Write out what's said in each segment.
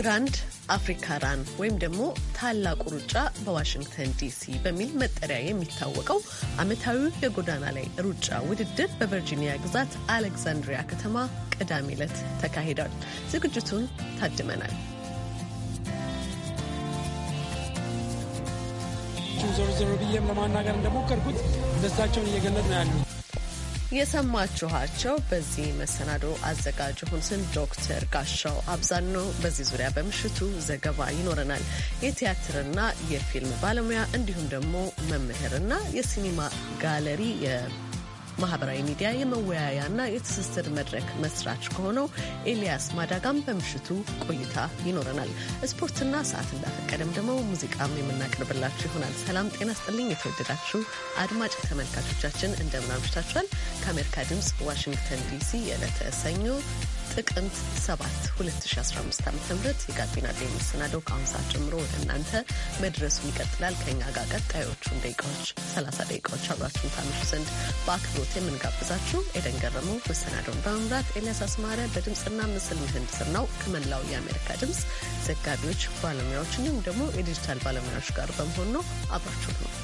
ግራንድ አፍሪካ ራን ወይም ደግሞ ታላቁ ሩጫ በዋሽንግተን ዲሲ በሚል መጠሪያ የሚታወቀው ዓመታዊ የጎዳና ላይ ሩጫ ውድድር በቨርጂኒያ ግዛት አሌክዛንድሪያ ከተማ ቅዳሜ ዕለት ተካሂዷል። ዝግጅቱን ታድመናል። ዞር ዞር ብዬም ለማናገር እንደሞከርኩት ደስታቸውን እየገለጥ ነው ያሉት የሰማችኋቸው በዚህ መሰናዶ አዘጋጅ የሆኑትን ዶክተር ጋሻው አብዛን ነው። በዚህ ዙሪያ በምሽቱ ዘገባ ይኖረናል። የቲያትርና የፊልም ባለሙያ እንዲሁም ደግሞ መምህርና የሲኒማ ጋለሪ ማህበራዊ ሚዲያ የመወያያና የትስስር መድረክ መስራች ከሆነው ኤልያስ ማዳጋም በምሽቱ ቆይታ ይኖረናል። ስፖርትና ሰዓት እንዳፈቀደም ደግሞ ሙዚቃም የምናቀርብላችሁ ይሆናል። ሰላም ጤና ስጥልኝ። የተወደዳችሁ አድማጭ ተመልካቾቻችን እንደምን ከአሜሪካ ድምፅ ዋሽንግተን ዲሲ የዕለተ ሰኞ ጥቅምት 7 2015 ዓ ም የጋቢና ዴ መሰናደው ከአሁን ሰዓት ጀምሮ ወደ እናንተ መድረሱን ይቀጥላል። ከኛ ጋር ቀጣዮቹን ደቂቃዎች 30 ደቂቃዎች አብራችሁን ታምሹ ዘንድ በአክብሮት የምንጋብዛችሁ ኤደን ገረመው መሰናደውን በመምራት ኤልያስ አስማረ በድምፅና ምስል ምህንድስና ነው ከመላው የአሜሪካ ድምፅ ዘጋቢዎች፣ ባለሙያዎች እንዲሁም ደግሞ የዲጂታል ባለሙያዎች ጋር በመሆን ነው። አብራችሁ ነው።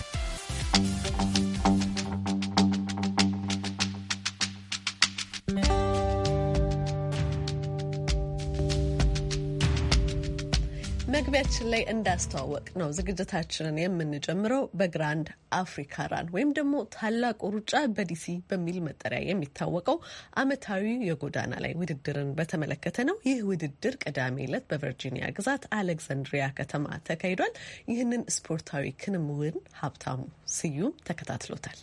መግቢያችን ላይ እንዳስተዋወቅ ነው ዝግጅታችንን የምንጀምረው በግራንድ አፍሪካ ራን ወይም ደግሞ ታላቁ ሩጫ በዲሲ በሚል መጠሪያ የሚታወቀው ዓመታዊ የጎዳና ላይ ውድድርን በተመለከተ ነው። ይህ ውድድር ቅዳሜ ዕለት በቨርጂኒያ ግዛት አሌክዛንድሪያ ከተማ ተካሂዷል። ይህንን ስፖርታዊ ክንውን ሀብታሙ ስዩም ተከታትሎታል።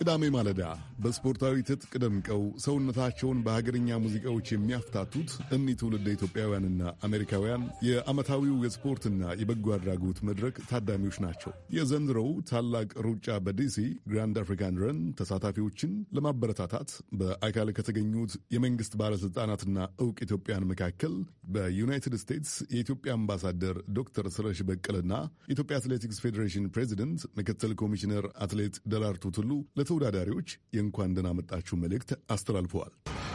ቅዳሜ ማለዳ በስፖርታዊ ትጥቅ ደምቀው ሰውነታቸውን በሀገርኛ ሙዚቃዎች የሚያፍታቱት እኒ ትውልደ ኢትዮጵያውያንና አሜሪካውያን የዓመታዊው የስፖርትና የበጎ አድራጎት መድረክ ታዳሚዎች ናቸው። የዘንድሮው ታላቅ ሩጫ በዲሲ ግራንድ አፍሪካን ረን ተሳታፊዎችን ለማበረታታት በአካል ከተገኙት የመንግስት ባለስልጣናትና እውቅ ኢትዮጵያን መካከል በዩናይትድ ስቴትስ የኢትዮጵያ አምባሳደር ዶክተር ስለሽ በቀለና የኢትዮጵያ አትሌቲክስ ፌዴሬሽን ፕሬዚደንት ምክትል ኮሚሽነር አትሌት ደራርቱ ቱሉ ለተወዳዳሪዎች እንኳን ደህና መጣችሁ መልእክት አስተላልፈዋል።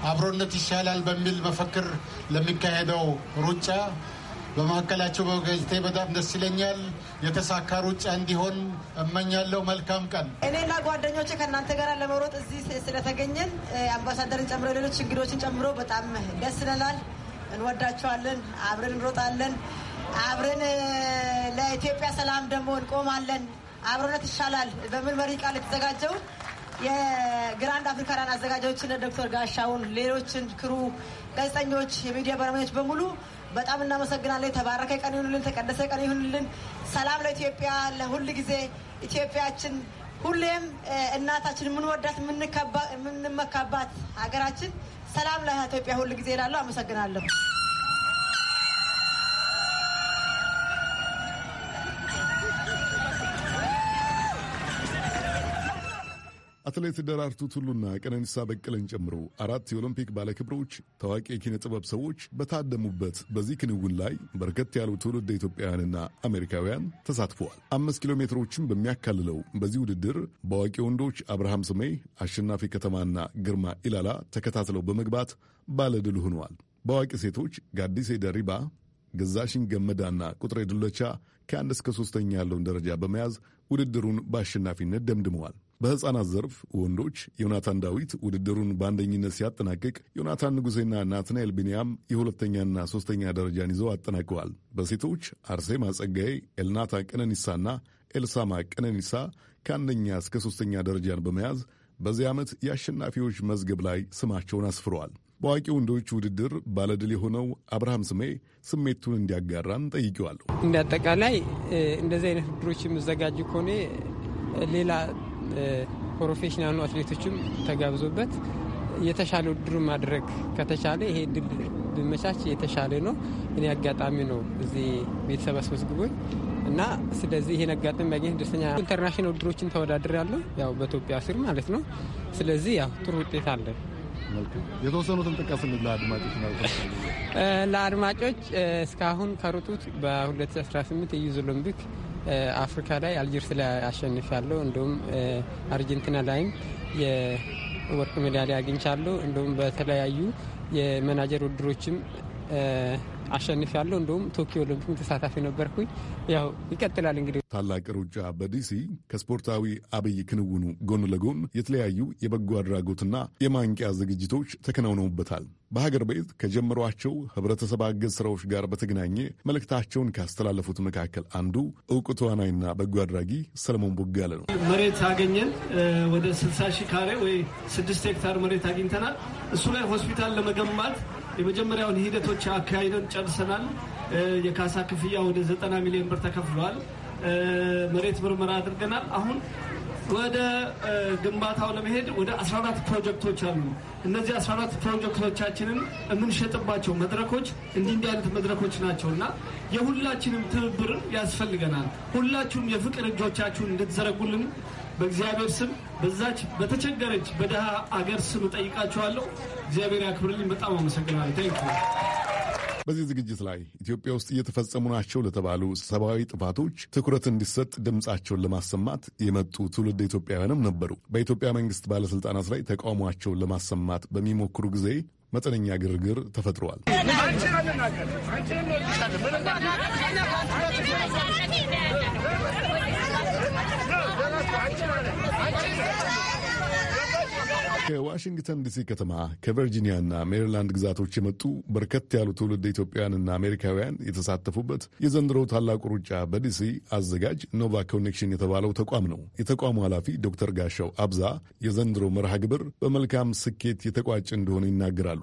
አብሮነት ይሻላል በሚል መፈክር ለሚካሄደው ሩጫ በመካከላቸው በመገኘቴ በጣም ደስ ይለኛል። የተሳካ ሩጫ እንዲሆን እመኛለሁ። መልካም ቀን። እኔና ጓደኞቼ ከእናንተ ጋር ለመሮጥ እዚህ ስለተገኘን አምባሳደርን ጨምሮ ሌሎች እንግዶችን ጨምሮ በጣም ደስ ይለናል። እንወዳቸዋለን። አብረን እንሮጣለን። አብረን ለኢትዮጵያ ሰላም ደግሞ እንቆማለን። አብሮነት ይሻላል በምን መሪ ቃል የተዘጋጀው የግራንድ አፍሪካን አዘጋጆችን ዶክተር ጋሻውን፣ ሌሎችን ክሩ ጋዜጠኞች፣ የሚዲያ ባለሙያዎች በሙሉ በጣም እናመሰግናለን። የተባረከ ቀን ይሁንልን፣ ተቀደሰ ቀን ይሁንልን። ሰላም ለኢትዮጵያ ለሁል ጊዜ ኢትዮጵያችን ሁሌም እናታችን የምንወዳት የምንመካባት ሀገራችን ሰላም ለኢትዮጵያ ሁል ጊዜ እላለሁ። አመሰግናለሁ። አትሌት ደራርቱ ቱሉና ቀነኒሳ በቀለን ጨምሮ አራት የኦሎምፒክ ባለክብሮች፣ ታዋቂ የኪነ ጥበብ ሰዎች በታደሙበት በዚህ ክንውን ላይ በርከት ያሉ ትውልድ ኢትዮጵያውያንና አሜሪካውያን ተሳትፈዋል። አምስት ኪሎ ሜትሮችን በሚያካልለው በዚህ ውድድር በአዋቂ ወንዶች አብርሃም ስሜ፣ አሸናፊ ከተማና ግርማ ኢላላ ተከታትለው በመግባት ባለድል ሆነዋል። በአዋቂ ሴቶች ጋዲሴ ደሪባ፣ ገዛሽን ገመዳና ቁጥሬ ዱለቻ ከአንድ እስከ ሶስተኛ ያለውን ደረጃ በመያዝ ውድድሩን በአሸናፊነት ደምድመዋል። በሕፃናት ዘርፍ ወንዶች ዮናታን ዳዊት ውድድሩን በአንደኝነት ሲያጠናቅቅ፣ ዮናታን ንጉሴና ናትናኤል ቢንያም የሁለተኛና ሦስተኛ ደረጃን ይዘው አጠናቀዋል። በሴቶች አርሴማ ጸጋዬ፣ ኤልናታ ቀነኒሳና ኤልሳማ ቀነኒሳ ከአንደኛ እስከ ሦስተኛ ደረጃን በመያዝ በዚህ ዓመት የአሸናፊዎች መዝገብ ላይ ስማቸውን አስፍረዋል። በአዋቂ ወንዶች ውድድር ባለድል የሆነው አብርሃም ስሜ ስሜቱን እንዲያጋራን ጠይቄዋለሁ። እንደ አጠቃላይ እንደዚህ አይነት ውድድሮች የምዘጋጅ ከሆነ ሌላ ፕሮፌሽናሉ አትሌቶችም ተጋብዞበት የተሻለ ውድድሩ ማድረግ ከተቻለ ይሄ ድል ብመቻች የተሻለ ነው። እኔ አጋጣሚ ነው እዚህ ቤተሰብ አስመዝግቦኝ እና ስለዚህ ይሄን አጋጣሚ ማግኘት ደስተኛ ኢንተርናሽናል ውድድሮችን ተወዳድር ያለው ያው በኢትዮጵያ ስር ማለት ነው። ስለዚህ ያው ጥሩ ውጤት አለ። የተወሰኑትን ጥቀስልን ለአድማጮች ለአድማጮች እስካሁን ከሩጡት በ2018 የዩዝ ኦሎምፒክ አፍሪካ ላይ አልጀርስ ላይ አሸንፊያለሁ። እንዲሁም አርጀንቲና ላይም የወርቅ ሜዳሊያ አግኝቻለሁ። እንዲሁም በተለያዩ የመናጀር ውድድሮችም አሸንፍ ያለው እንደውም ቶኪዮ ኦሎምፒክ ተሳታፊ ነበርኩኝ። ያው ይቀጥላል እንግዲህ። ታላቅ ሩጫ በዲሲ ከስፖርታዊ አብይ ክንውኑ ጎን ለጎን የተለያዩ የበጎ አድራጎትና የማንቂያ ዝግጅቶች ተከናውነውበታል። በሀገር ቤት ከጀመሯቸው ህብረተሰብ አገዝ ስራዎች ጋር በተገናኘ መልእክታቸውን ካስተላለፉት መካከል አንዱ እውቁ ተዋናይና በጎ አድራጊ ሰለሞን ቦጋለ ነው። መሬት አገኘን። ወደ 60 ሺህ ካሬ ወይ 6 ሄክታር መሬት አግኝተናል። እሱ ላይ ሆስፒታል ለመገንባት የመጀመሪያውን ሂደቶች አካሂደን ጨርሰናል። የካሳ ክፍያ ወደ ዘጠና ሚሊዮን ብር ተከፍሏል። መሬት ምርመራ አድርገናል። አሁን ወደ ግንባታው ለመሄድ ወደ 14 ፕሮጀክቶች አሉ። እነዚህ 14 ፕሮጀክቶቻችንን የምንሸጥባቸው መድረኮች እንዲህ እንዲህ አይነት መድረኮች ናቸው እና የሁላችንም ትብብር ያስፈልገናል። ሁላችሁም የፍቅር እጆቻችሁን እንድትዘረጉልን በእግዚአብሔር ስም በዛች በተቸገረች በድሃ አገር ስም እጠይቃችኋለሁ። እግዚአብሔር ያክብርልኝ። በጣም አመሰግናለሁ። ታንክ በዚህ ዝግጅት ላይ ኢትዮጵያ ውስጥ እየተፈጸሙ ናቸው ለተባሉ ሰብአዊ ጥፋቶች ትኩረት እንዲሰጥ ድምፃቸውን ለማሰማት የመጡ ትውልድ ኢትዮጵያውያንም ነበሩ። በኢትዮጵያ መንግስት ባለስልጣናት ላይ ተቃውሟቸውን ለማሰማት በሚሞክሩ ጊዜ መጠነኛ ግርግር ተፈጥሯል። ከዋሽንግተን ዲሲ ከተማ ከቨርጂኒያና ሜሪላንድ ግዛቶች የመጡ በርከት ያሉ ትውልድ ኢትዮጵያውያንና አሜሪካውያን የተሳተፉበት የዘንድሮው ታላቁ ሩጫ በዲሲ አዘጋጅ ኖቫ ኮኔክሽን የተባለው ተቋም ነው። የተቋሙ ኃላፊ ዶክተር ጋሻው አብዛ የዘንድሮ መርሃ ግብር በመልካም ስኬት የተቋጭ እንደሆነ ይናገራሉ።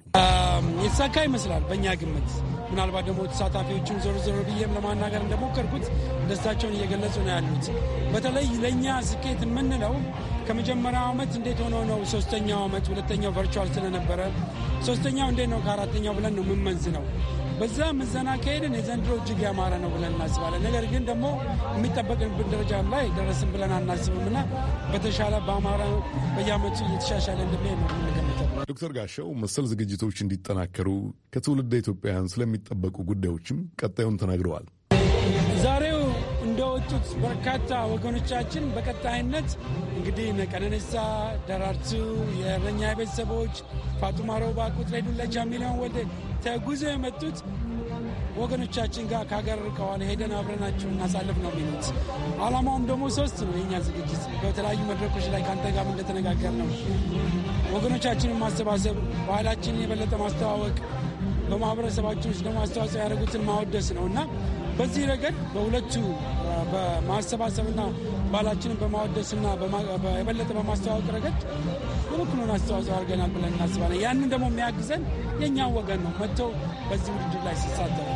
የተሳካ ይመስላል በእኛ ግምት። ምናልባት ደግሞ ተሳታፊዎችን ዞር ዞር ብዬም ለማናገር እንደሞከርኩት ደስታቸውን እየገለጹ ነው ያሉት። በተለይ ለእኛ ስኬት የምንለው ከመጀመሪያው ዓመት እንዴት ሆኖ ነው ሶስተኛው ዓመት ሁለተኛው ቨርቹዋል ስለነበረ ሶስተኛው እንዴት ነው ከአራተኛው ብለን ነው የምመንዝ ነው። በዛ ምዘና ከሄድን የዘንድሮ እጅግ ያማረ ነው ብለን እናስባለን። ነገር ግን ደግሞ የሚጠበቅንብን ደረጃ ላይ ደረስን ብለን አናስብም እና በተሻለ በአማረ በየዓመቱ እየተሻሻለ እንደሚሄድ ነው ዶክተር ጋሻው መሰል ዝግጅቶች እንዲጠናከሩ ከትውልድ ኢትዮጵያውያን ስለሚጠበቁ ጉዳዮችም ቀጣዩን ተናግረዋል። ዛሬ የመጡት በርካታ ወገኖቻችን በቀጣይነት እንግዲህ ነቀነኔሳ፣ ደራርቱ፣ የእረኛ ቤተሰቦች፣ ፋጡማ ሮባ፣ ቁጥሬ ዱለቻ፣ ሚሊዮን ወልዴ ተጉዘው የመጡት ወገኖቻችን ጋር ከሀገር ርቀዋል። ሄደን አብረናቸው እናሳልፍ ነው የሚሉት። አላማውም ደግሞ ሶስት ነው። የኛ ዝግጅት በተለያዩ መድረኮች ላይ ከአንተ ጋር እንደተነጋገር ነው ወገኖቻችንን ማሰባሰብ፣ ባህላችንን የበለጠ ማስተዋወቅ፣ በማህበረሰባችን ውስጥ ደግሞ አስተዋጽኦ ያደረጉትን ማወደስ ነው እና በዚህ ረገድ በሁለቱ በማሰባሰብና ባህላችንን በማወደስና የበለጠ በማስተዋወቅ ረገድ የበኩሉን አስተዋጽኦ አድርገናል ብለን እናስባለን። ያንን ደግሞ የሚያግዘን የእኛን ወገን ነው መጥተው በዚህ ውድድር ላይ ሲሳተፉ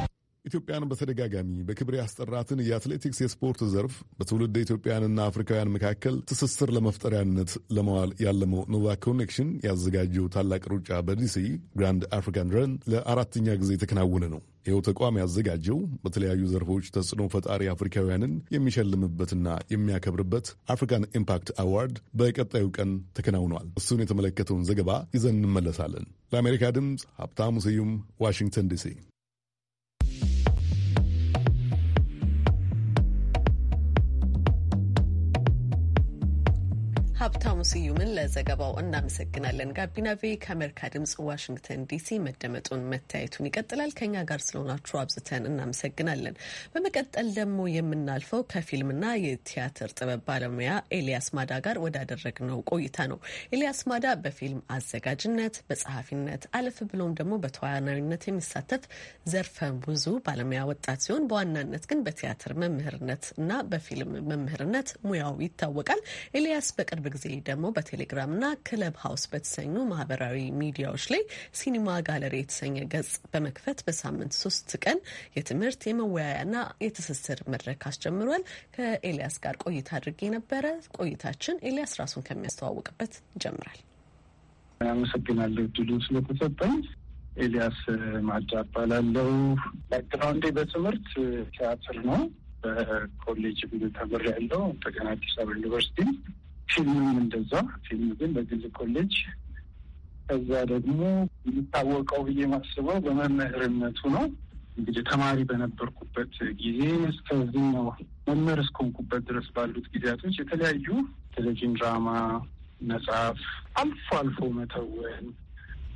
ኢትዮጵያን በተደጋጋሚ በክብር ያስጠራትን የአትሌቲክስ የስፖርት ዘርፍ በትውልድ ኢትዮጵያውያንና አፍሪካውያን መካከል ትስስር ለመፍጠሪያነት ለመዋል ያለመው ኖቫ ኮኔክሽን ያዘጋጀው ታላቅ ሩጫ በዲሲ ግራንድ አፍሪካን ረን ለአራተኛ ጊዜ የተከናወነ ነው። ይኸው ተቋም ያዘጋጀው በተለያዩ ዘርፎች ተጽዕኖ ፈጣሪ አፍሪካውያንን የሚሸልምበትና የሚያከብርበት አፍሪካን ኢምፓክት አዋርድ በቀጣዩ ቀን ተከናውኗል። እሱን የተመለከተውን ዘገባ ይዘን እንመለሳለን። ለአሜሪካ ድምፅ ሀብታሙ ስዩም ዋሽንግተን ዲሲ ሀብታሙ ስዩምን ለዘገባው እናመሰግናለን። ጋቢና ቬ ከአሜሪካ ድምጽ ዋሽንግተን ዲሲ መደመጡን መታየቱን ይቀጥላል። ከኛ ጋር ስለሆናችሁ አብዝተን እናመሰግናለን። በመቀጠል ደግሞ የምናልፈው ከፊልምና የቲያትር ጥበብ ባለሙያ ኤልያስ ማዳ ጋር ወዳደረግነው ቆይታ ነው። ኤልያስ ማዳ በፊልም አዘጋጅነት፣ በጸሐፊነት አለፍ ብሎም ደግሞ በተዋናዊነት የሚሳተፍ ዘርፈ ብዙ ባለሙያ ወጣት ሲሆን በዋናነት ግን በቲያትር መምህርነት እና በፊልም መምህርነት ሙያው ይታወቃል። ኤልያስ በቅርብ ጊዜ ደግሞ በቴሌግራምና ክለብ ሀውስ በተሰኙ ማህበራዊ ሚዲያዎች ላይ ሲኒማ ጋለሪ የተሰኘ ገጽ በመክፈት በሳምንት ሶስት ቀን የትምህርት የመወያያና የትስስር መድረክ አስጀምሯል። ከኤልያስ ጋር ቆይታ አድርጌ የነበረ ቆይታችን ኤልያስ ራሱን ከሚያስተዋውቅበት ይጀምራል። አመሰግናለሁ ድሉን ስለተሰጠኝ። ኤልያስ ማጃ እባላለሁ። ባክግራውንዴ በትምህርት ቲያትር ነው። በኮሌጅ ተምሬያለሁ። እንደገና አዲስ አበባ ዩኒቨርሲቲ ፊልምም እንደዛ ፊልም ግን በግል ኮሌጅ ከዛ ደግሞ የሚታወቀው ብዬ ማስበው በመምህርነቱ ነው። እንግዲህ ተማሪ በነበርኩበት ጊዜ እስከዚህ መምህር እስከሆንኩበት ድረስ ባሉት ጊዜያቶች የተለያዩ ቴሌቪዥን ድራማ፣ መጽሐፍ፣ አልፎ አልፎ መተወን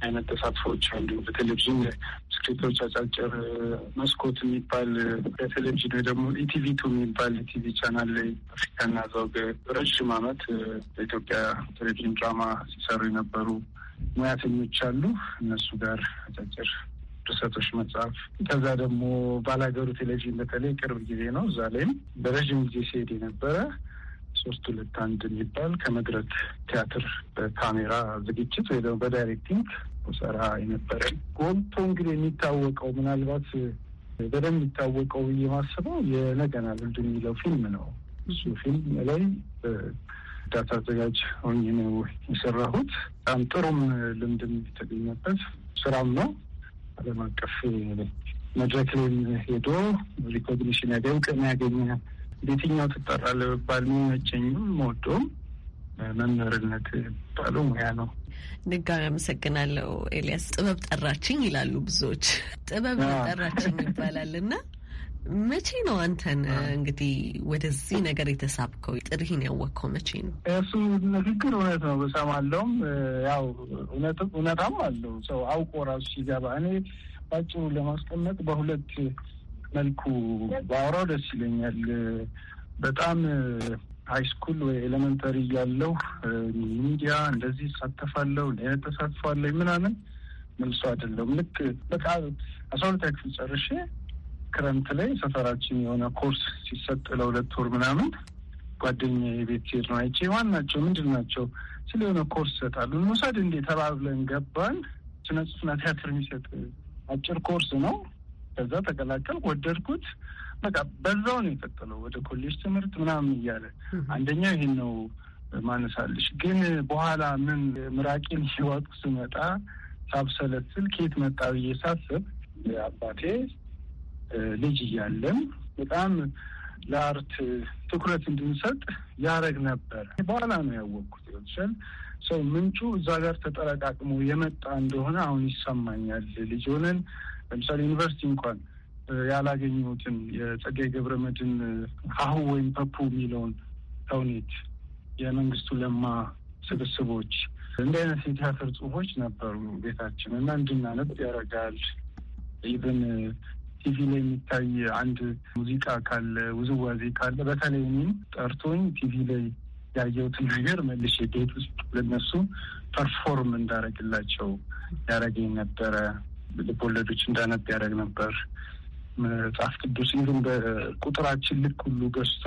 አይነት ተሳትፎዎች አሉ። በቴሌቪዥን ስክሪፕቶች አጫጭር መስኮት የሚባል በቴሌቪዥን ወይ ደግሞ ቱ የሚባል ኢቲቪ ቻናል ላይ አፍሪካና ዘውግ ረዥም ዓመት በኢትዮጵያ ቴሌቪዥን ድራማ ሲሰሩ የነበሩ ሙያተኞች አሉ። እነሱ ጋር አጫጭር ድርሰቶች መጽሐፍ። ከዛ ደግሞ ባላገሩ ቴሌቪዥን በተለይ ቅርብ ጊዜ ነው። እዛ ላይም በረዥም ጊዜ ሲሄድ የነበረ ሶስት ሁለት አንድ የሚባል ከመድረክ ቲያትር በካሜራ ዝግጅት ወይ ደግሞ በዳይሬክቲንግ ሰራ የነበረ ጎልቶ እንግዲህ የሚታወቀው ምናልባት በደንብ የሚታወቀው የማስበው የነገና ልዱ የሚለው ፊልም ነው። እሱ ፊልም ላይ ዳታ አዘጋጅ ሆኜ ነው የሰራሁት። በጣም ጥሩም ልምድም የተገኘበት ስራም ነው። ዓለም አቀፍ መድረክ ላይም ሄዶ ሪኮግኒሽን ያገ እውቅና ያገኘ የትኛው ትጠራለ ብባል የሚመቸኝም መወደውም መምህርነት የሚባለው ሙያ ነው። ድጋሚ አመሰግናለሁ ኤልያስ። ጥበብ ጠራችኝ ይላሉ ብዙዎች። ጥበብ ጠራችኝ ይባላል እና መቼ ነው አንተን እንግዲህ ወደዚህ ነገር የተሳብከው? ጥሪህን ያወቅከው መቼ ነው? እሱ ንግግር እውነት ነው እሰማለሁም። ያው እውነትም እውነታም አለው ሰው አውቆ ራሱ ሲገባ እኔ ባጭሩ ለማስቀመጥ በሁለት መልኩ ባወራው ደስ ይለኛል። በጣም ሃይስኩል ወይ ኤሌመንተሪ እያለሁ ሚዲያ እንደዚህ ይሳተፋለሁ ተሳትፏለሁ ምናምን መልሶ አይደለሁም። ልክ በቃ አስራ ሁለተኛ ክፍል ጨርሼ ክረምት ላይ ሰፈራችን የሆነ ኮርስ ሲሰጥ ለሁለት ወር ምናምን ጓደኛ የቤት ሄድ ነው አይቼ ዋን ናቸው ምንድን ናቸው ስለ የሆነ ኮርስ ይሰጣሉ እንውሰድ እንዴ ተባብለን ገባን። ስነ ጽሑፍና ቲያትር የሚሰጥ አጭር ኮርስ ነው ከዛ ተቀላቀል ወደድኩት። በቃ በዛው ነው የቀጠለው ወደ ኮሌጅ ትምህርት ምናምን እያለ አንደኛ ይህን ነው ማነሳለሽ። ግን በኋላ ምን ምራቄን ሲዋጡ ስመጣ ሳብሰለስል ኬት መጣ ብዬ ሳስብ አባቴ ልጅ እያለን በጣም ለአርት ትኩረት እንድንሰጥ ያደረግ ነበረ። በኋላ ነው ያወቅኩት ይችላል ሰው ምንጩ እዛ ጋር ተጠረቃቅሞ የመጣ እንደሆነ አሁን ይሰማኛል። ልጅ ሆነን ለምሳሌ ዩኒቨርሲቲ እንኳን ያላገኘሁትን የጸጋዬ መድን ሀሁ ወይም ፐፑ የሚለውን ተውኔት የመንግስቱ ለማ ስብስቦች እንዲህ አይነት የቲያትር ጽሁፎች ነበሩ ቤታችን እና እንድናነብ ያደርጋል። ኢቨን ቲቪ ላይ የሚታይ አንድ ሙዚቃ ካለ ውዝዋዜ ካለ በተለይ እኔም ጠርቶኝ ቲቪ ላይ ያየሁትን ነገር መልሼ ቤት ውስጥ ለነሱ ፐርፎርም እንዳረግላቸው ያደረገኝ ነበረ። ወለዶች እንዳነብ ያደረግ ነበር። መጽሐፍ ቅዱስ ይሁን በቁጥራችን ልክ ሁሉ ገዝቶ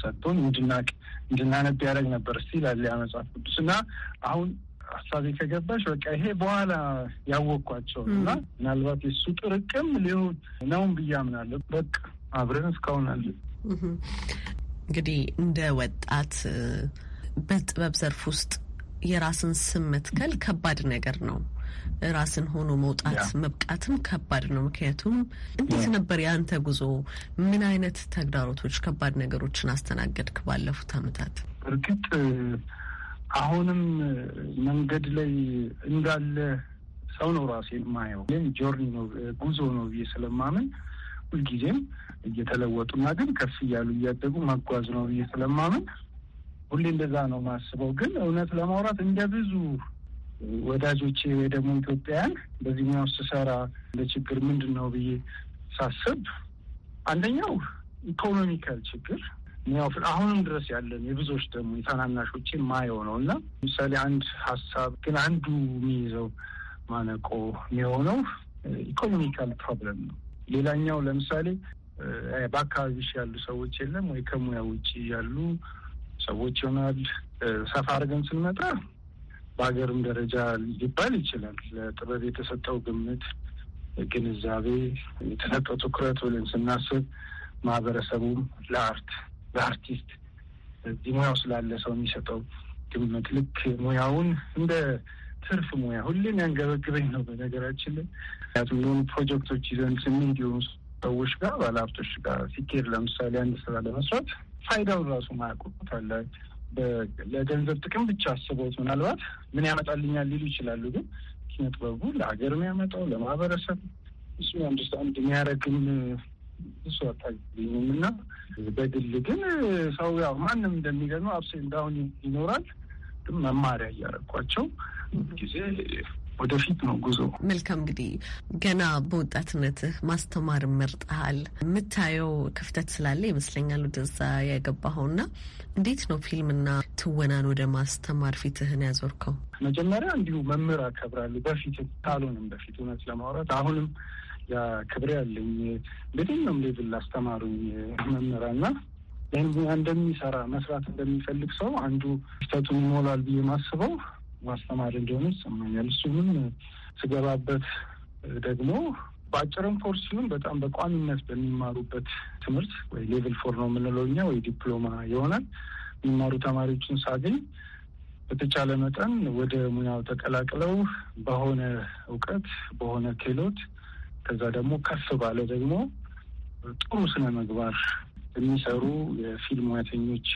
ሰጥቶን እንድናቅ እንድናነብ ያደረግ ነበር። እስቲ ያ መጽሐፍ ቅዱስ እና አሁን ሀሳቤ ከገባሽ በቃ ይሄ በኋላ ያወቅኳቸው እና ምናልባት የሱ ጥርቅም ሊሆን ነውን ብዬ አምናለሁ። በቃ አብረን እስካሁን አለ እንግዲህ እንደ ወጣት በጥበብ ዘርፍ ውስጥ የራስን ስም መትከል ከባድ ነገር ነው። ራስን ሆኖ መውጣት መብቃትም ከባድ ነው። ምክንያቱም እንዴት ነበር የአንተ ጉዞ? ምን አይነት ተግዳሮቶች፣ ከባድ ነገሮችን አስተናገድክ ባለፉት አመታት? እርግጥ አሁንም መንገድ ላይ እንዳለ ሰው ነው ራሴ የማየው። ግን ጆርኒ ነው ጉዞ ነው ብዬ ስለማምን ሁልጊዜም እየተለወጡና ግን ከፍ እያሉ እያደጉ መጓዝ ነው ብዬ ስለማምን ሁሌ እንደዛ ነው ማስበው። ግን እውነት ለማውራት እንደ ብዙ ወዳጆች ወይ ደግሞ ኢትዮጵያውያን በዚህ ሙያ ውስጥ ስሰራ ለችግር ምንድን ነው ብዬ ሳስብ አንደኛው ኢኮኖሚካል ችግር ያው አሁንም ድረስ ያለን የብዙዎች ደግሞ የታናናሾቼ ማየው ነው እና ምሳሌ አንድ ሀሳብ ግን አንዱ የሚይዘው ማነቆ የሆነው ኢኮኖሚካል ፕሮብለም ነው። ሌላኛው ለምሳሌ በአካባቢሽ ያሉ ሰዎች የለም ወይ ከሙያ ውጭ ያሉ ሰዎች ይሆናል። ሰፋ አድርገን ስንመጣ በሀገርም ደረጃ ሊባል ይችላል። ለጥበብ የተሰጠው ግምት፣ ግንዛቤ፣ የተሰጠው ትኩረት ብለን ስናስብ ማህበረሰቡም ለአርት ለአርቲስት እዚህ ሙያው ስላለ ሰው የሚሰጠው ግምት ልክ ሙያውን እንደ ትርፍ ሙያ ሁሌም ያንገበግበኝ ነው። በነገራችን ላይ ምክንያቱም የሆኑ ፕሮጀክቶች ይዘን ስንሄድ የሆኑ ሰዎች ጋር ባለሀብቶች ጋር ሲኬድ ለምሳሌ አንድ ስራ ለመስራት ፋይዳውን ራሱ ማያውቁታል ለገንዘብ ጥቅም ብቻ አስበውት ምናልባት ምን ያመጣልኛል ሊሉ ይችላሉ። ግን ኪነ ጥበቡ ለሀገር የሚያመጣው ለማህበረሰብ እሱ አንድ አንድ የሚያደርግም እሱ አታገኝም እና በግል ግን ሰው ያው ማንም እንደሚገኑ አብሴ እንዳሁን ይኖራል። ግን መማሪያ እያደረኳቸው ጊዜ ወደፊት ነው ጉዞ። መልካም እንግዲህ ገና በወጣትነትህ ማስተማር መርጠሃል። የምታየው ክፍተት ስላለ ይመስለኛል ወደዛ እና እንዴት ነው ፊልምና ትወናን ወደ ማስተማር ፊትህን ያዞርከው? መጀመሪያ እንዲሁ መምህር አከብራለሁ። በፊት ካልሆንም በፊት እውነት ለማውራት አሁንም ክብሬ ያለኝ በየትኛውም ሌቭል ላስተማሩኝ መምህራና ይህን እንደሚሰራ መስራት እንደሚፈልግ ሰው አንዱ ክፍተቱን ይሞላል ብዬ ማስበው ማስተማር እንደሆነ ይሰማኛል። እሱንም ስገባበት ደግሞ በአጭርም ኮርስ ሲሆን በጣም በቋሚነት በሚማሩበት ትምህርት ወይ ሌቭል ፎር ነው የምንለው እኛ ወይ ዲፕሎማ ይሆናል የሚማሩ ተማሪዎችን ሳገኝ በተቻለ መጠን ወደ ሙያው ተቀላቅለው በሆነ እውቀት በሆነ ክህሎት ከዛ ደግሞ ከፍ ባለ ደግሞ ጥሩ ስነ ምግባር የሚሰሩ የፊልም ሙያተኞች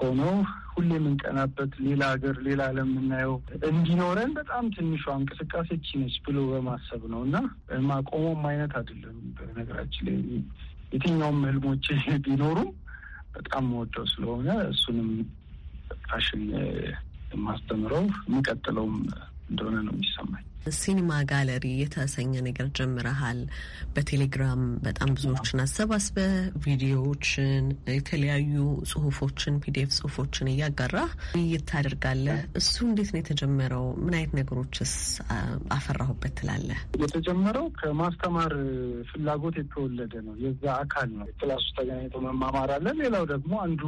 ሆነው ሁሌ የምንቀናበት ሌላ ሀገር፣ ሌላ ዓለም የምናየው እንዲኖረን በጣም ትንሿ እንቅስቃሴች ነች ብሎ በማሰብ ነው እና ማቆሞም አይነት አይደለም። በነገራችን ላይ የትኛውም ህልሞች ቢኖሩም በጣም መወደው ስለሆነ እሱንም ፋሽን የማስተምረው የሚቀጥለውም እንደሆነ ነው የሚሰማኝ። ሲኒማ ጋለሪ የተሰኘ ነገር ጀምረሃል። በቴሌግራም በጣም ብዙዎችን አሰባስበ ቪዲዮዎችን፣ የተለያዩ ጽሁፎችን፣ ፒዲኤፍ ጽሁፎችን እያጋራ ውይይት ታደርጋለህ። እሱ እንዴት ነው የተጀመረው? ምን አይነት ነገሮችስ አፈራሁበት ትላለህ? የተጀመረው ከማስተማር ፍላጎት የተወለደ ነው። የዛ አካል ነው። ክላሱ ተገናኝቶ መማማር አለ። ሌላው ደግሞ አንዱ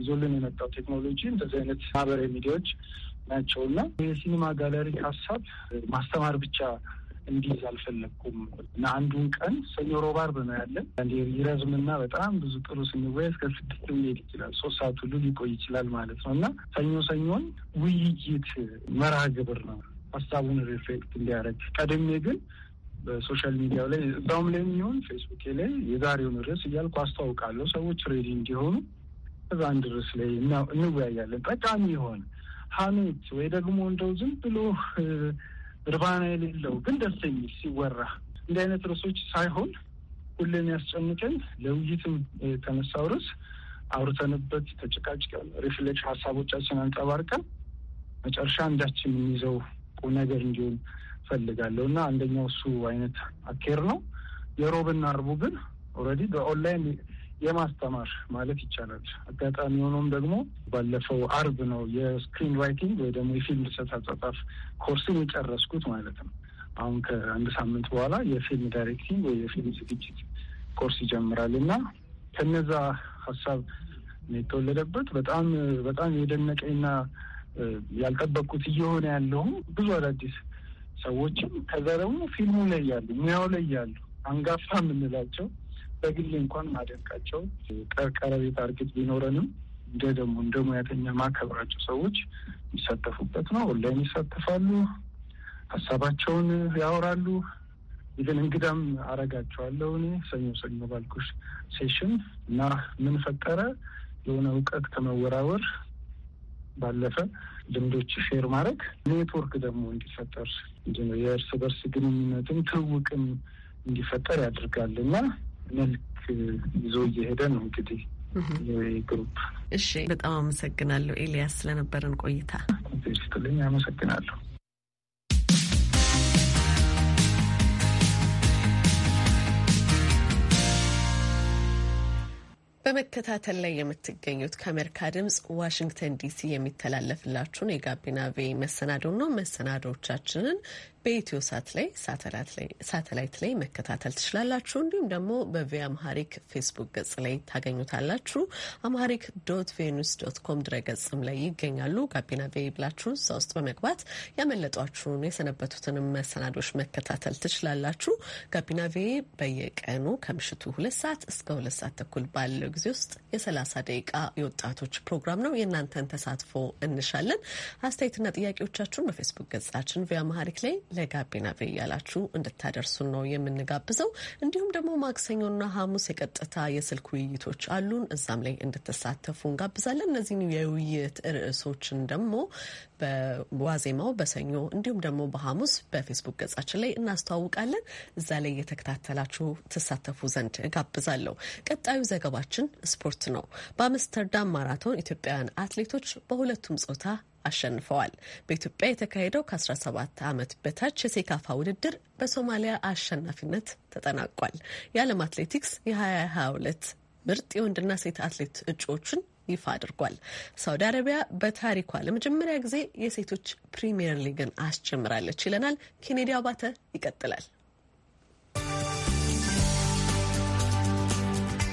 ይዞልን የመጣው ቴክኖሎጂ እንደዚህ አይነት ማህበራዊ ሚዲያዎች ናቸው እና የሲኒማ ጋለሪ ሀሳብ ማስተማር ብቻ እንዲይዝ አልፈለግኩም እና አንዱን ቀን ሰኞ ሮብ በመያለን ነው ያለን። ይረዝምና በጣም ብዙ ጥሩ ስንወይ እስከ ስድስት ሊሄድ ይችላል። ሶስት ሰዓት ሁሉ ሊቆይ ይችላል ማለት ነው እና ሰኞ ሰኞን ውይይት መርሃ ግብር ነው ሀሳቡን ሪፍሌክት እንዲያደርግ ቀደሜ ግን በሶሻል ሚዲያው ላይ እዛውም ላይ የሚሆን ፌስቡኬ ላይ የዛሬውን ርዕስ እያልኩ አስተዋውቃለሁ። ሰዎች ሬዲ እንዲሆኑ እዛ አንድ ርዕስ ላይ እንወያያለን ጠቃሚ ይሆን ሀሜት ወይ ደግሞ እንደው ዝም ብሎ እርባና የሌለው ግን ደስ የሚል ሲወራ እንዲህ አይነት ርዕሶች ሳይሆን ሁሌም ያስጨንቀን ለውይይትም የተነሳው ርዕስ አውርተንበት ተጨቃጭቀን ሪፍሌክሽን ሀሳቦቻችን አንጸባርቀን መጨረሻ እንዳችን የሚይዘው ቁም ነገር እንዲሆን ፈልጋለሁ እና አንደኛው እሱ አይነት አኬር ነው። የሮብና አርቡ ግን ኦልሬዲ በኦንላይን የማስተማር ማለት ይቻላል። አጋጣሚ ሆኖም ደግሞ ባለፈው አርብ ነው የስክሪን ራይቲንግ ወይ ደግሞ የፊልም ድርሰት አጻጻፍ ኮርስን የጨረስኩት ማለት ነው። አሁን ከአንድ ሳምንት በኋላ የፊልም ዳይሬክቲንግ ወይ የፊልም ዝግጅት ኮርስ ይጀምራል እና ከነዛ ሀሳብ የተወለደበት በጣም በጣም የደነቀኝና ያልጠበቅኩት እየሆነ ያለውም ብዙ አዳዲስ ሰዎችም ከዛ ደግሞ ፊልሙ ላይ ያሉ ሙያው ላይ ያሉ አንጋፋ የምንላቸው በግሌ እንኳን ማደንቃቸው ቀርቀረ ቤት አርግት ቢኖረንም እንደ ደግሞ እንደ ሙያተኛ ማከብራቸው ሰዎች ይሳተፉበት ነው። ኦንላይን ይሳተፋሉ፣ ሀሳባቸውን ያወራሉ። ግን እንግዳም አረጋቸዋለሁ እኔ ሰኞ ሰኞ ባልኩሽ ሴሽን እና ምን ፈጠረ የሆነ እውቀት ከመወራወር ባለፈ ልምዶች ሼር ማድረግ ኔትወርክ ደግሞ እንዲፈጠር የእርስ በርስ ግንኙነትም ትውውቅም እንዲፈጠር ያደርጋል እና መልክ ይዞ እየሄደ ነው እንግዲህ ግሩፕ። እሺ፣ በጣም አመሰግናለሁ ኤልያስ ስለነበረን ቆይታ። ስትልኝ አመሰግናለሁ። በመከታተል ላይ የምትገኙት ከአሜሪካ ድምጽ ዋሽንግተን ዲሲ የሚተላለፍላችሁን የጋቢና ቬ መሰናዶ ነው። መሰናዶዎቻችንን በኢትዮ ሳት ላይ ሳተላይት ላይ መከታተል ትችላላችሁ። እንዲሁም ደግሞ በቪ አምሃሪክ ፌስቡክ ገጽ ላይ ታገኙታላችሁ። አምሃሪክ ዶት ቬኑስ ዶት ኮም ድረ ገጽም ላይ ይገኛሉ። ጋቢና ቬ ብላችሁ እዛ ውስጥ በመግባት ያመለጧችሁን የሰነበቱትንም መሰናዶች መከታተል ትችላላችሁ። ጋቢና ቬ በየቀኑ ከምሽቱ ሁለት ሰዓት እስከ ሁለት ሰዓት ተኩል ባለው ጊዜ ውስጥ የሰላሳ ደቂቃ የወጣቶች ፕሮግራም ነው። የእናንተን ተሳትፎ እንሻለን። አስተያየትና ጥያቄዎቻችሁን በፌስቡክ ገጻችን ቪ አምሃሪክ ላይ ለጋቢና ቤ እያላችሁ እንድታደርሱን ነው የምንጋብዘው። እንዲሁም ደግሞ ማክሰኞና ሐሙስ የቀጥታ የስልክ ውይይቶች አሉን። እዛም ላይ እንድትሳተፉ እንጋብዛለን። እነዚህን የውይይት ርዕሶችን ደግሞ በዋዜማው በሰኞ እንዲሁም ደግሞ በሐሙስ በፌስቡክ ገጻችን ላይ እናስተዋውቃለን። እዛ ላይ የተከታተላችሁ ትሳተፉ ዘንድ እጋብዛለሁ። ቀጣዩ ዘገባችን ስፖርት ነው። በአምስተርዳም ማራቶን ኢትዮጵያውያን አትሌቶች በሁለቱም ጾታ አሸንፈዋል። በኢትዮጵያ የተካሄደው ከ17 ዓመት በታች የሴካፋ ውድድር በሶማሊያ አሸናፊነት ተጠናቋል። የዓለም አትሌቲክስ የ2022 ምርጥ የወንድና ሴት አትሌት እጩዎችን ይፋ አድርጓል። ሳውዲ አረቢያ በታሪኳ ለመጀመሪያ ጊዜ የሴቶች ፕሪምየር ሊግን አስጀምራለች ይለናል። ኬኔዲ አባተ ይቀጥላል።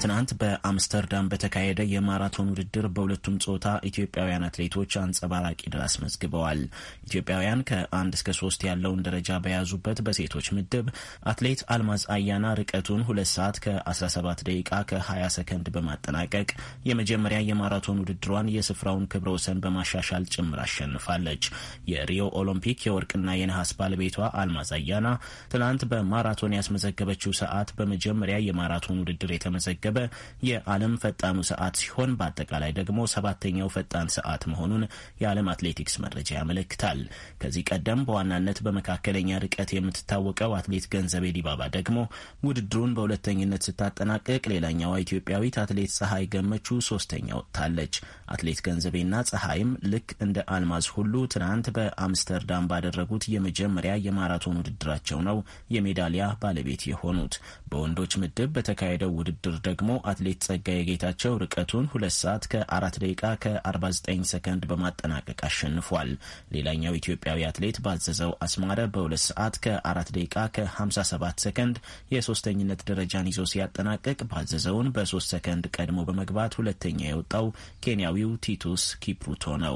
ትናንት በአምስተርዳም በተካሄደ የማራቶን ውድድር በሁለቱም ጾታ ኢትዮጵያውያን አትሌቶች አንጸባራቂ ድል አስመዝግበዋል። ኢትዮጵያውያን ከአንድ እስከ ሶስት ያለውን ደረጃ በያዙበት በሴቶች ምድብ አትሌት አልማዝ አያና ርቀቱን ሁለት ሰዓት ከ17 ደቂቃ ከ20 ሰከንድ በማጠናቀቅ የመጀመሪያ የማራቶን ውድድሯን የስፍራውን ክብረ ወሰን በማሻሻል ጭምር አሸንፋለች። የሪዮ ኦሎምፒክ የወርቅና የነሐስ ባለቤቷ አልማዝ አያና ትናንት በማራቶን ያስመዘገበችው ሰዓት በመጀመሪያ የማራቶን ውድድር የተመዘገ የተመዘገበ የዓለም ፈጣኑ ሰዓት ሲሆን በአጠቃላይ ደግሞ ሰባተኛው ፈጣን ሰዓት መሆኑን የዓለም አትሌቲክስ መረጃ ያመለክታል። ከዚህ ቀደም በዋናነት በመካከለኛ ርቀት የምትታወቀው አትሌት ገንዘቤ ዲባባ ደግሞ ውድድሩን በሁለተኝነት ስታጠናቀቅ፣ ሌላኛዋ ኢትዮጵያዊት አትሌት ፀሐይ ገመቹ ሶስተኛ ወጥታለች። አትሌት ገንዘቤና ፀሐይም ልክ እንደ አልማዝ ሁሉ ትናንት በአምስተርዳም ባደረጉት የመጀመሪያ የማራቶን ውድድራቸው ነው የሜዳሊያ ባለቤት የሆኑት። በወንዶች ምድብ በተካሄደው ውድድር ደግሞ አትሌት ጸጋዬ ጌታቸው ርቀቱን ሁለት ሰዓት ከ4 ደቂቃ ከ49 ሰከንድ በማጠናቀቅ አሸንፏል። ሌላኛው ኢትዮጵያዊ አትሌት ባዘዘው አስማረ በ2 ሰዓት ከ4 ደቂቃ ከ57 ሰከንድ የሶስተኝነት ደረጃን ይዞ ሲያጠናቅቅ ባዘዘውን በሶስት ሰከንድ ቀድሞ በመግባት ሁለተኛ የወጣው ኬንያዊው ቲቱስ ኪፕሩቶ ነው።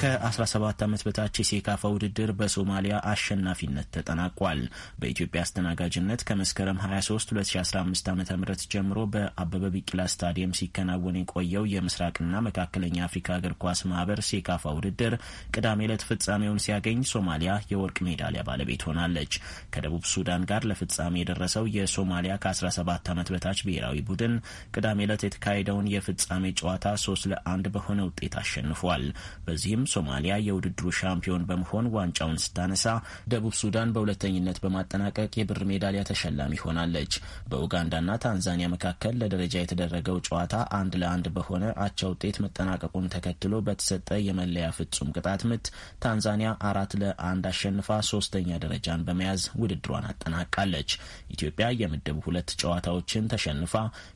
ከ17 ዓመት በታች የሴካፋ ውድድር በሶማሊያ አሸናፊነት ተጠናቋል። በኢትዮጵያ አስተናጋጅነት ከመስከረም 23 2015 ዓ ም ጀምሮ በአበበ ቢቂላ ስታዲየም ሲከናወን የቆየው የምስራቅና መካከለኛ አፍሪካ እግር ኳስ ማህበር ሴካፋ ውድድር ቅዳሜ ዕለት ፍጻሜውን ሲያገኝ ሶማሊያ የወርቅ ሜዳሊያ ባለቤት ሆናለች። ከደቡብ ሱዳን ጋር ለፍጻሜ የደረሰው የሶማሊያ ከ17 ዓመት በታች ብሔራዊ ቡድን ቅዳሜ ዕለት የተካሄደውን የፍጻሜ ጨዋታ 3 ለአንድ በሆነ ውጤት አሸንፏል። በዚህም ሆኖም ሶማሊያ የውድድሩ ሻምፒዮን በመሆን ዋንጫውን ስታነሳ፣ ደቡብ ሱዳን በሁለተኝነት በማጠናቀቅ የብር ሜዳሊያ ተሸላሚ ሆናለች። በኡጋንዳና ታንዛኒያ መካከል ለደረጃ የተደረገው ጨዋታ አንድ ለአንድ በሆነ አቻ ውጤት መጠናቀቁን ተከትሎ በተሰጠ የመለያ ፍጹም ቅጣት ምት ታንዛኒያ አራት ለአንድ አሸንፋ ሶስተኛ ደረጃን በመያዝ ውድድሯን አጠናቃለች። ኢትዮጵያ የምድቡ ሁለት ጨዋታዎችን ተሸንፋ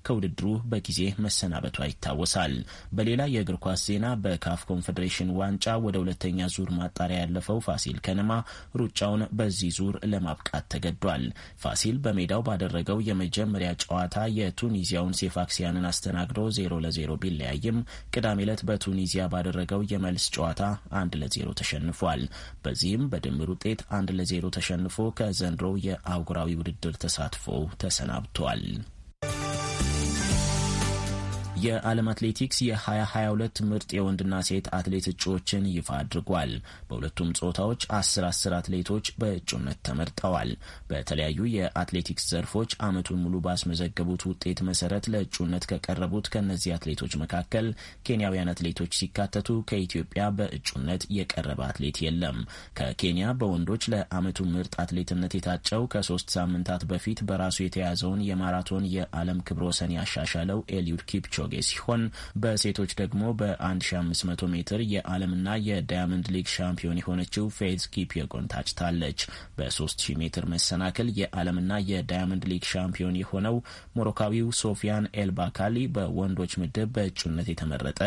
ከውድድሩ በጊዜ መሰናበቷ ይታወሳል። በሌላ የእግር ኳስ ዜና በካፍ ኮንፌዴሬሽን ዋን ዋንጫ ወደ ሁለተኛ ዙር ማጣሪያ ያለፈው ፋሲል ከነማ ሩጫውን በዚህ ዙር ለማብቃት ተገዷል። ፋሲል በሜዳው ባደረገው የመጀመሪያ ጨዋታ የቱኒዚያውን ሴፋክሲያንን አስተናግዶ ዜሮ ለዜሮ ቢለያይም ቅዳሜ ዕለት በቱኒዚያ ባደረገው የመልስ ጨዋታ አንድ ለዜሮ ተሸንፏል። በዚህም በድምር ውጤት አንድ ለዜሮ ተሸንፎ ከዘንድሮው የአህጉራዊ ውድድር ተሳትፎ ተሰናብቷል። የዓለም አትሌቲክስ የ2022 ምርጥ የወንድና ሴት አትሌት እጩዎችን ይፋ አድርጓል። በሁለቱም ጾታዎች አስር አስር አትሌቶች በእጩነት ተመርጠዋል። በተለያዩ የአትሌቲክስ ዘርፎች አመቱን ሙሉ ባስመዘገቡት ውጤት መሰረት ለእጩነት ከቀረቡት ከእነዚህ አትሌቶች መካከል ኬንያውያን አትሌቶች ሲካተቱ ከኢትዮጵያ በእጩነት የቀረበ አትሌት የለም። ከኬንያ በወንዶች ለዓመቱ ምርጥ አትሌትነት የታጨው ከሶስት ሳምንታት በፊት በራሱ የተያዘውን የማራቶን የዓለም ክብረ ወሰን ያሻሻለው ኤልዩድ ኪፕቾ ኪፕchoge ሲሆን በሴቶች ደግሞ በ1500 ሜትር የዓለምና የዳያመንድ ሊግ ሻምፒዮን የሆነችው ፌዝ ኪፕዮጎን ታጭታለች። በ3000 ሜትር መሰናክል የዓለምና የዳያመንድ ሊግ ሻምፒዮን የሆነው ሞሮካዊው ሶፊያን ኤልባካሊ በወንዶች ምድብ በእጩነት የተመረጠ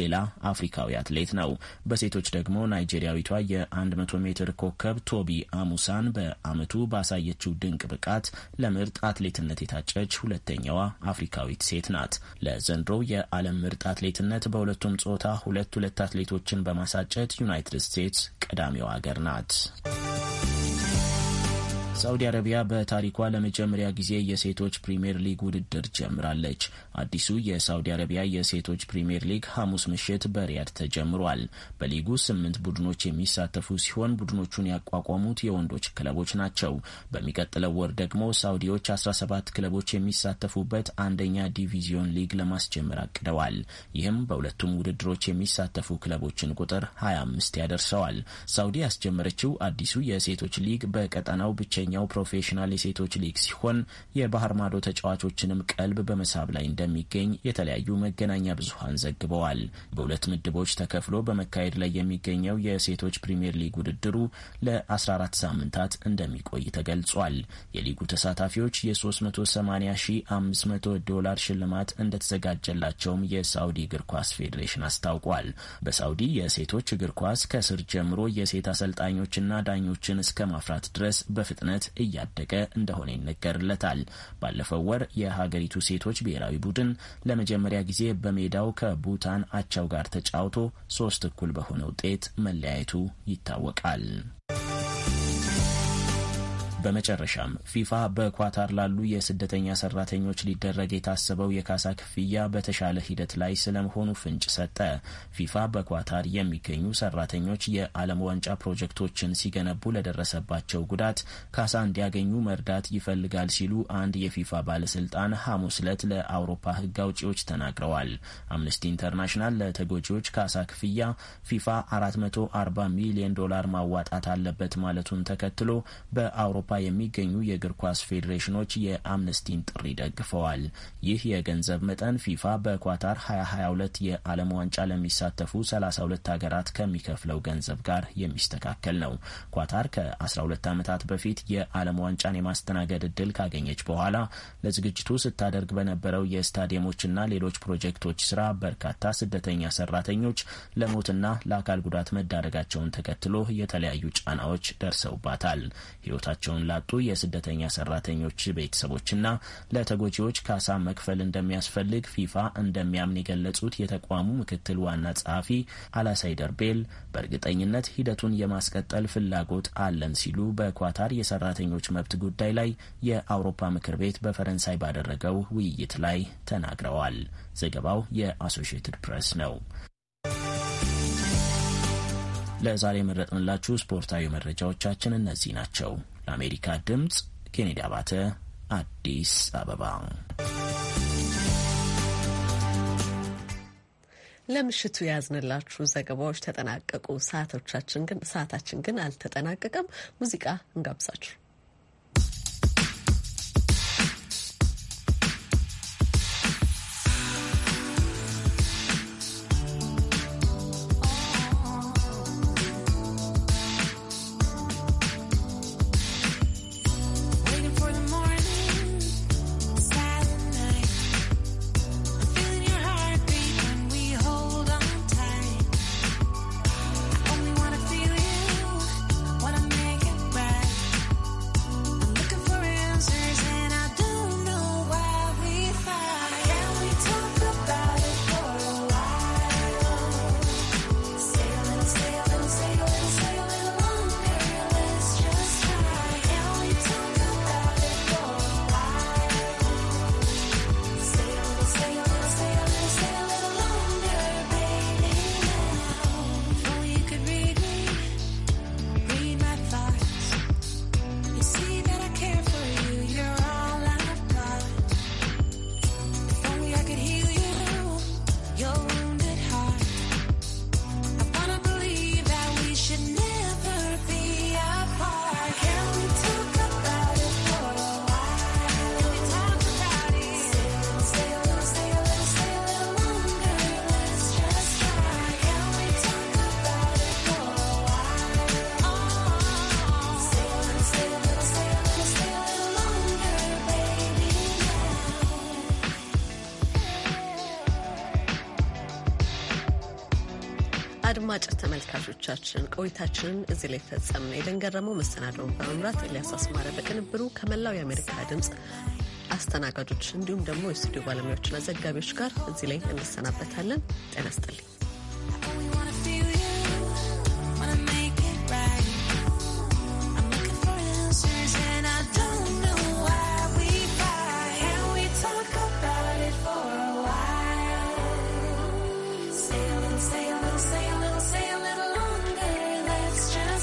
ሌላ አፍሪካዊ አትሌት ነው። በሴቶች ደግሞ ናይጄሪያዊቷ የ100 ሜትር ኮከብ ቶቢ አሙሳን በዓመቱ ባሳየችው ድንቅ ብቃት ለምርጥ አትሌትነት የታጨች ሁለተኛዋ አፍሪካዊት ሴት ናት። ለዘን በዘንድሮው የዓለም ምርጥ አትሌትነት በሁለቱም ጾታ ሁለት ሁለት አትሌቶችን በማሳጨት ዩናይትድ ስቴትስ ቀዳሚው ሀገር ናት። ሳዑዲ አረቢያ በታሪኳ ለመጀመሪያ ጊዜ የሴቶች ፕሪምየር ሊግ ውድድር ጀምራለች። አዲሱ የሳዑዲ አረቢያ የሴቶች ፕሪምየር ሊግ ሐሙስ ምሽት በሪያድ ተጀምሯል። በሊጉ ስምንት ቡድኖች የሚሳተፉ ሲሆን ቡድኖቹን ያቋቋሙት የወንዶች ክለቦች ናቸው። በሚቀጥለው ወር ደግሞ ሳዑዲዎች 17 ክለቦች የሚሳተፉበት አንደኛ ዲቪዚዮን ሊግ ለማስጀመር አቅደዋል። ይህም በሁለቱም ውድድሮች የሚሳተፉ ክለቦችን ቁጥር 25 ያደርሰዋል። ሳዑዲ ያስጀመረችው አዲሱ የሴቶች ሊግ በቀጠናው ብቻ ሁለተኛው ፕሮፌሽናል የሴቶች ሊግ ሲሆን የባህር ማዶ ተጫዋቾችንም ቀልብ በመሳብ ላይ እንደሚገኝ የተለያዩ መገናኛ ብዙሀን ዘግበዋል። በሁለት ምድቦች ተከፍሎ በመካሄድ ላይ የሚገኘው የሴቶች ፕሪምየር ሊግ ውድድሩ ለ14 ሳምንታት እንደሚቆይ ተገልጿል። የሊጉ ተሳታፊዎች የ380500 ዶላር ሽልማት እንደተዘጋጀላቸውም የሳውዲ እግር ኳስ ፌዴሬሽን አስታውቋል። በሳውዲ የሴቶች እግር ኳስ ከስር ጀምሮ የሴት አሰልጣኞችና ዳኞችን እስከ ማፍራት ድረስ በፍጥነት እምነት እያደገ እንደሆነ ይነገርለታል። ባለፈው ወር የሀገሪቱ ሴቶች ብሔራዊ ቡድን ለመጀመሪያ ጊዜ በሜዳው ከቡታን አቻው ጋር ተጫውቶ ሶስት እኩል በሆነ ውጤት መለያየቱ ይታወቃል። በመጨረሻም ፊፋ በኳታር ላሉ የስደተኛ ሰራተኞች ሊደረግ የታሰበው የካሳ ክፍያ በተሻለ ሂደት ላይ ስለመሆኑ ፍንጭ ሰጠ። ፊፋ በኳታር የሚገኙ ሰራተኞች የዓለም ዋንጫ ፕሮጀክቶችን ሲገነቡ ለደረሰባቸው ጉዳት ካሳ እንዲያገኙ መርዳት ይፈልጋል ሲሉ አንድ የፊፋ ባለስልጣን ሐሙስ ዕለት ለአውሮፓ ሕግ አውጪዎች ተናግረዋል። አምነስቲ ኢንተርናሽናል ለተጎጂዎች ካሳ ክፍያ ፊፋ 440 ሚሊዮን ዶላር ማዋጣት አለበት ማለቱን ተከትሎ በአውሮፓ በአውሮፓ የሚገኙ የእግር ኳስ ፌዴሬሽኖች የአምነስቲን ጥሪ ደግፈዋል። ይህ የገንዘብ መጠን ፊፋ በኳታር 2022 የዓለም ዋንጫ ለሚሳተፉ 32 ሀገራት ከሚከፍለው ገንዘብ ጋር የሚስተካከል ነው። ኳታር ከ12 ዓመታት በፊት የዓለም ዋንጫን የማስተናገድ እድል ካገኘች በኋላ ለዝግጅቱ ስታደርግ በነበረው የስታዲየሞችና ሌሎች ፕሮጀክቶች ስራ በርካታ ስደተኛ ሰራተኞች ለሞትና ለአካል ጉዳት መዳረጋቸውን ተከትሎ የተለያዩ ጫናዎች ደርሰውባታል። ህይወታቸውን ስራቸውን ላጡ የስደተኛ ሰራተኞች ቤተሰቦችና ለተጎጂዎች ካሳ መክፈል እንደሚያስፈልግ ፊፋ እንደሚያምን የገለጹት የተቋሙ ምክትል ዋና ጸሐፊ አላሳይደር ቤል በእርግጠኝነት ሂደቱን የማስቀጠል ፍላጎት አለን ሲሉ በኳታር የሰራተኞች መብት ጉዳይ ላይ የአውሮፓ ምክር ቤት በፈረንሳይ ባደረገው ውይይት ላይ ተናግረዋል። ዘገባው የአሶሽየትድ ፕሬስ ነው። ለዛሬ የመረጥንላችሁ ስፖርታዊ መረጃዎቻችን እነዚህ ናቸው። ለአሜሪካ ድምፅ ኬኔዲ አባተ አዲስ አበባ። ለምሽቱ የያዝንላችሁ ዘገባዎች ተጠናቀቁ። ሰዓቶቻችን ግን ሰዓታችን ግን አልተጠናቀቀም። ሙዚቃ እንጋብዛችሁ። ቆይታችንን እዚህ ላይ ፈጸምን። የደንገረመው መሰናዶውን በመምራት ኤልያስ አስማረ፣ በቅንብሩ ከመላው የአሜሪካ ድምፅ አስተናጋጆች እንዲሁም ደግሞ የስቱዲዮ ባለሙያዎችና ዘጋቢዎች ጋር እዚህ ላይ እንሰናበታለን። ጤና ይስጥልኝ።